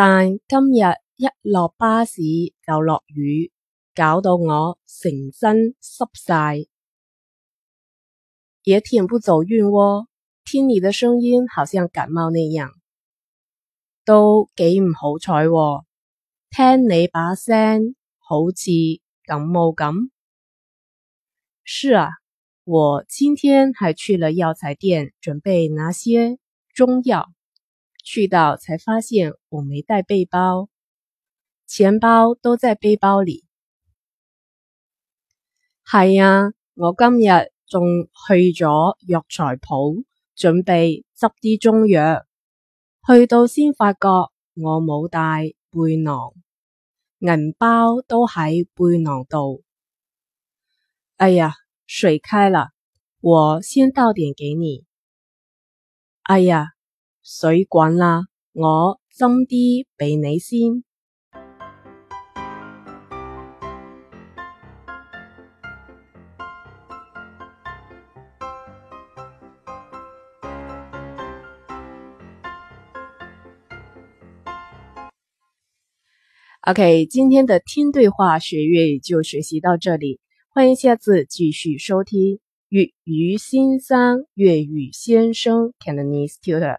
但今日一落巴士就落雨，搞到我成身濕晒，也挺不走運喔、哦、聽你的聲音，好像感冒那樣，都幾唔好彩、哦。聽你把聲好似感冒咁。是啊，我今天是去了藥材店，準備拿些中藥。去到才發現我沒帶背包，錢包都在背包裏。係啊，我今日仲去咗藥材鋪，準備執啲中藥。去到先發覺我冇帶背囊，銀包都喺背囊度。哎呀，水開啦，我先倒點給你。哎呀！水滾啦，我斟啲畀你先。OK，今天的聽對話學粵語就學習到這裡，歡迎下次繼續收聽粵語先生粵語先生 Cantonese Tutor。